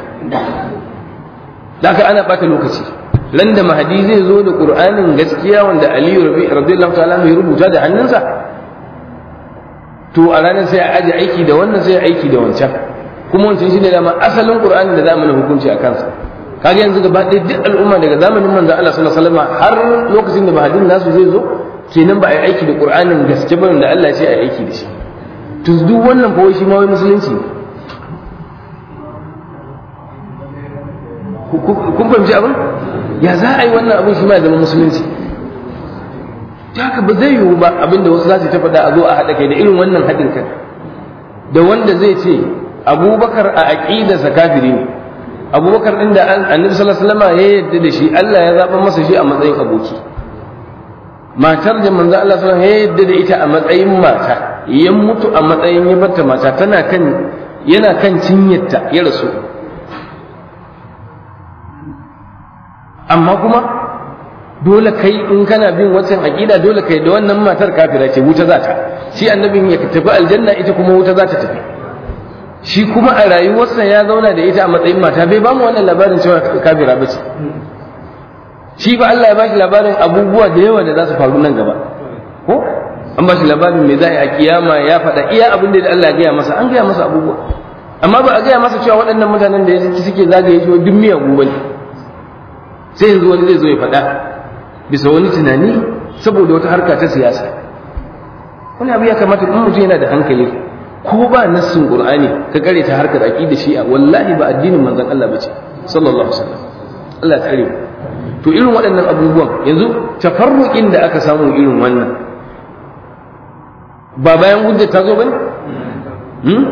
da haka ana ɓata lokaci landa mahadi zai zo da ƙur'anin gaskiya wanda aliyu radiyallahu ta'ala mai rubuta da hannunsa to a ranar sai a aje aiki da wannan sai aiki da wancan kuma wancan shi ne dama asalin ƙur'anin da zamanin hukunci a kansa kaga yanzu gaba ɗaya duk al'umma daga zamanin manzo Allah sallallahu alaihi wasallam har lokacin da bahadin nasu zai zo kenan ba a yi aiki da Qur'anin gaske ba da Allah ya ce a yi aiki da shi to duk wannan fa wai shi ma wai musulunci kun fahimci abin ya za a yi wannan abin shi ma zama musulunci haka ba zai yiwu ba abinda wasu za su ta faɗa a zo a haɗa kai da irin wannan haɗin kai da wanda zai ce abubakar a aƙidarsa kafiri ne abubakar ɗin da annabi sallallahu alaihi wasallam ya yadda da shi Allah ya zaba masa shi a matsayin aboki matar da manzo Allah sallallahu alaihi wasallam ya yadda da ita a matsayin mata ya mutu a matsayin ya barta mata tana kan yana kan cinyarta ya rasu amma kuma dole kai in kana bin wancan aqida dole kai da wannan matar kafira ce wuta za ta shi annabin ya tafi aljanna ita kuma wuta za ta tafi shi kuma a rayuwarsa ya zauna da ita a matsayin mata bai ba mu wannan labarin cewa kafira ba ce shi ba Allah ya ba shi labarin abubuwa da yawa da za su faru nan gaba ko an ba shi labarin me za a kiyama ya faɗa iya abin da Allah ya gaya masa an gaya masa abubuwa amma ba a gaya masa cewa waɗannan mutanen da ya suke zagaye shi duk miya ba sai yanzu wani zai zo ya faɗa bisa wani tunani saboda wata harka ta siyasa wani abu ya kamata in mutum yana da hankali ko ba nassin qur'ani ka kare ta harkar aqida shi'a wallahi ba addinin manzon Allah bace sallallahu alaihi wasallam Allah ta rubu to irin waɗannan abubuwan yanzu tafarruqin da aka samu irin wannan ba bayan hujja ta zo bane hmm?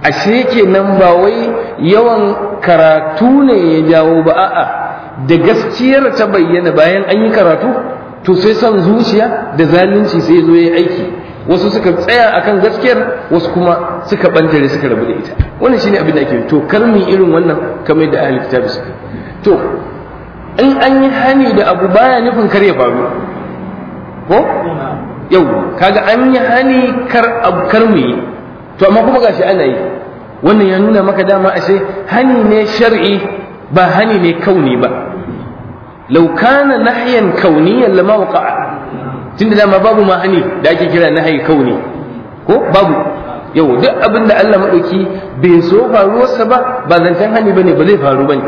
ashe nan ba wai yawan karatu ne ya jawo ba a'a da gaskiyar ta bayyana bayan an yi karatu to sai son zuciya da zalunci sai zo ya aiki wasu suka tsaya akan gaskiyar wasu kuma suka bantare suka rabu da ita wannan shine abin da ake to karmi irin wannan kamar da ahli kitabi suka to in an yi hani da abu baya nufin kar ya faru ko yau kaga an yi hani kar abu kar to amma kuma gashi ana yi wannan ya nuna maka dama ashe hani ne shar'i ba hani ne kauni ba لو كان نحيا كونيا لما وقع tunda dama babu ma hani da ake kira na nahayi kauni ko babu yau duk abin da Allah maɗauki bai so faruwarsa ba ba zancen hani ne ba zai faru ba ne.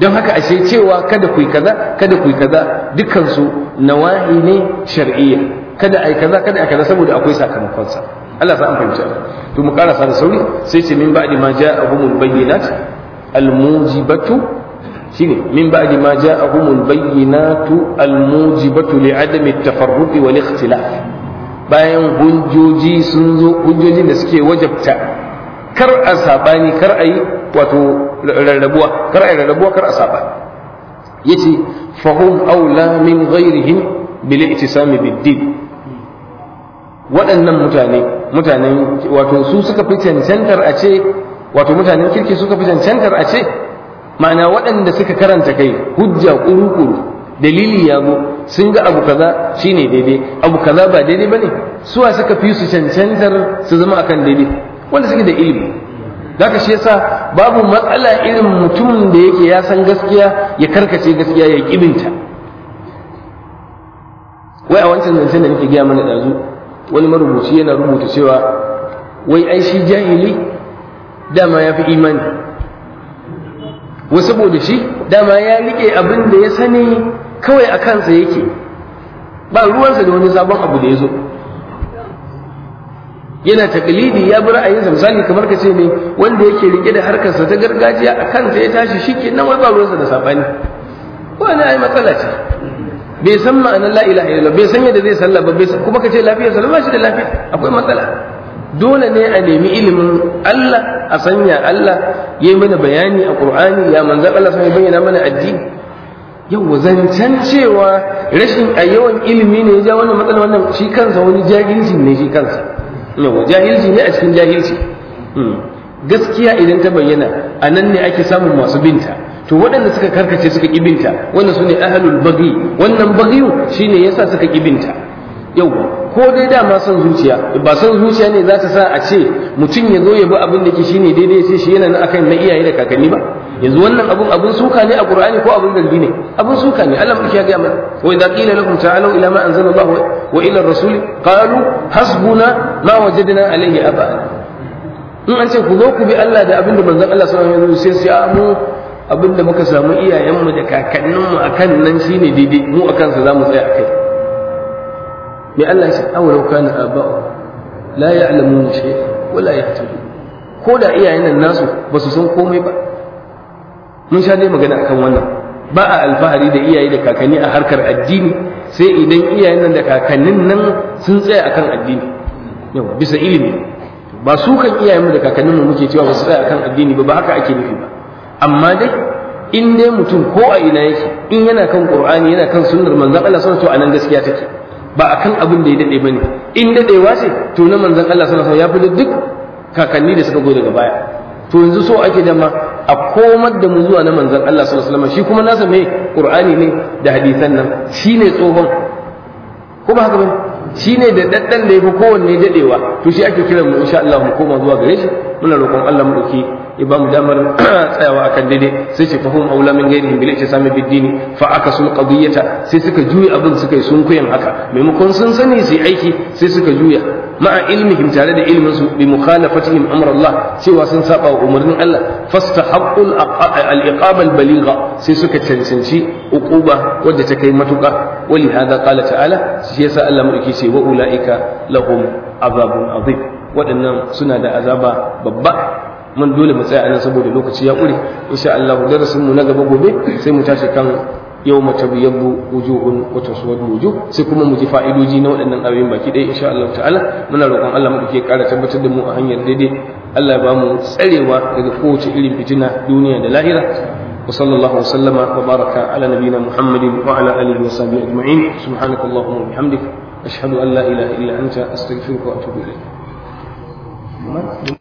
don haka ashe cewa kada ku yi kaza kada ku yi kaza dukkansu na nawahi ne shar'iyya kada a yi kaza kada a kaza saboda akwai sakamakonsa. Allah sa an fahimci to mu karasa da sauri sai ce min ba'di ma ja'ahumul bayyinat al-mujibatu shine min ba'di ma ja'ahumul bayyinatu almujibatu li'adami at-tafarruq wal ikhtilaf bayan hujjoji sun zo hujjojin da suke wajabta kar a sabani kar a yi wato rarrabuwa kar a yi rarrabuwa kar a saba yace fahum aula min ghairihim bil i'tisami bid din waɗannan mutane mutanen wato su suka fi cancantar a ce wato mutanen kirki suka fi cancantar a ce ma'ana waɗanda suka karanta kai hujja kuru-kuru dalili ya zo sun ga abu kaza shine daidai abu kaza ba daidai bane suwa suka fi su cancantar su zama akan daidai wanda suke da ilimi zaka shi yasa babu matsala irin mutumin da yake ya san gaskiya ya karkace gaskiya ya kibinta wai a wancan zancen da nake gaya mana ɗazu wani marubuci yana rubuta cewa wai ai shi jahili dama ya fi imani wasu saboda shi dama ya rike abin da ya sani kawai a kansa yake ba ruwansa da wani sabon abu da ya zo yana taklidi ya bi ra'ayinsa misali kamar ka ce ne wanda yake rike da harkarsa ta gargajiya a kansa ya tashi shi ke nan wai ba ruwansa da Ko wani ai matsala ce bai san ma'anar la ilaha illallah bai san yadda zai sallah ba kuma ka ce lafiyar sallah ba shi da lafiya akwai matsala dole ne a nemi ilimin Allah a sanya Allah ya yi mana bayani a ƙur'ani ya manzan Allah sai bayyana mana addini yau zancen cewa rashin a yawan ilimi ne ya ja wannan matsala wannan shi kansa wani jahilci ne shi kansa yau jahilci ne a cikin jahilci hmm. gaskiya idan ta bayyana a nan ne ake samun masu binta to waɗanda suka karkace suka ƙibinta wannan su ne ahalul bagi wannan bagiyu shine yasa suka ƙibinta yau ko dai dama son zuciya ba son zuciya ne za ta sa a ce mutum ya zo ya bi abin da ke shi ne daidai sai shi yana nan akan na iyaye da kakanni ba yanzu wannan abun abun suka ne a qur'ani ko abun zargi ne abun suka ne Allah ya ga mana wa idza qila lakum ta'alu ila ma anzala Allah wa ila ar-rasul qalu hasbuna ma wajadna alayhi aba in an ce ku zo ku bi Allah da abin da manzon Allah sallallahu alaihi wasallam sai sai ah, mu abin da muka samu iyayenmu da kakanninmu akan nan shine daidai mu akan sa zamu tsaya akai mai Allah ya ce awalau kana aba'u la ya'lamuna shay'a wala yahtadun ko da iyayen nan nasu ba su san komai ba mun sha dai magana akan wannan ba a alfahari da iyaye da kakanni a harkar addini sai idan iyayen nan da kakannin nan sun tsaya akan addini yawa bisa ilimi ba su kan iyayen mu da kakannin mu muke cewa ba su tsaya akan addini ba ba haka ake nufi ba amma dai in dai mutum ko a ina yake in yana kan qur'ani yana kan sunnar manzon Allah sallallahu alaihi wasallam to anan gaskiya take ba a kan abin da ya daɗe ba ne. in daɗewa ce to na manzan Allah sallallahu alaihi ya fi duk kakanni da suka goyi daga baya to yanzu so ake dama a komar da mu zuwa na manzan Allah sallallahu alaihi shi kuma nasa mai ƙur'ani ne da hadisan nan shi ne tsohon ko ba haka ba Shi ne da ɗanɗan da ya fi kowanne daɗewa, to shi ake kiran mu insha Allah mu koma zuwa gare shi muna roƙon Allah mu ɗauki ya damar *clears throat* tsayawa akan daidai sai ce fahim aula min gairihim bil ihtisami bid dini fa akasul qadiyata sai suka juya abin suka yi sunkuyan haka maimakon sun sani su aiki sai suka juya ma'a ilmihim tare da ilmin su bi mukhalafatihim amr Allah cewa sun saba wa umarnin Allah fasta al-iqaba al-baligha sai suka cancanci uquba wadda ta kai matuka wali hada qala ta'ala shi yasa Allah mu ce wa ulaika lahum azabun azim waɗannan suna da azaba babba man dole mu tsaya anan saboda lokaci ya ƙure insha Allah darasin mu na gaba gobe sai mu tashi kan yau mace yabu wujuhun wata suwar wuju sai kuma mu ji fa'idoji na waɗannan abin baki ɗaya insha Allah ta'ala muna roƙon Allah mu ke ƙara tabbatar da mu a hanyar daidai Allah ya ba mu tsarewa daga kowace irin fitina duniya da lahira wa sallallahu wa sallama wa baraka ala nabiyina Muhammadin wa ala alihi wa sahbihi ajma'in subhanaka allahumma wa bihamdika ashhadu an la ilaha illa anta astaghfiruka wa atubu ilayk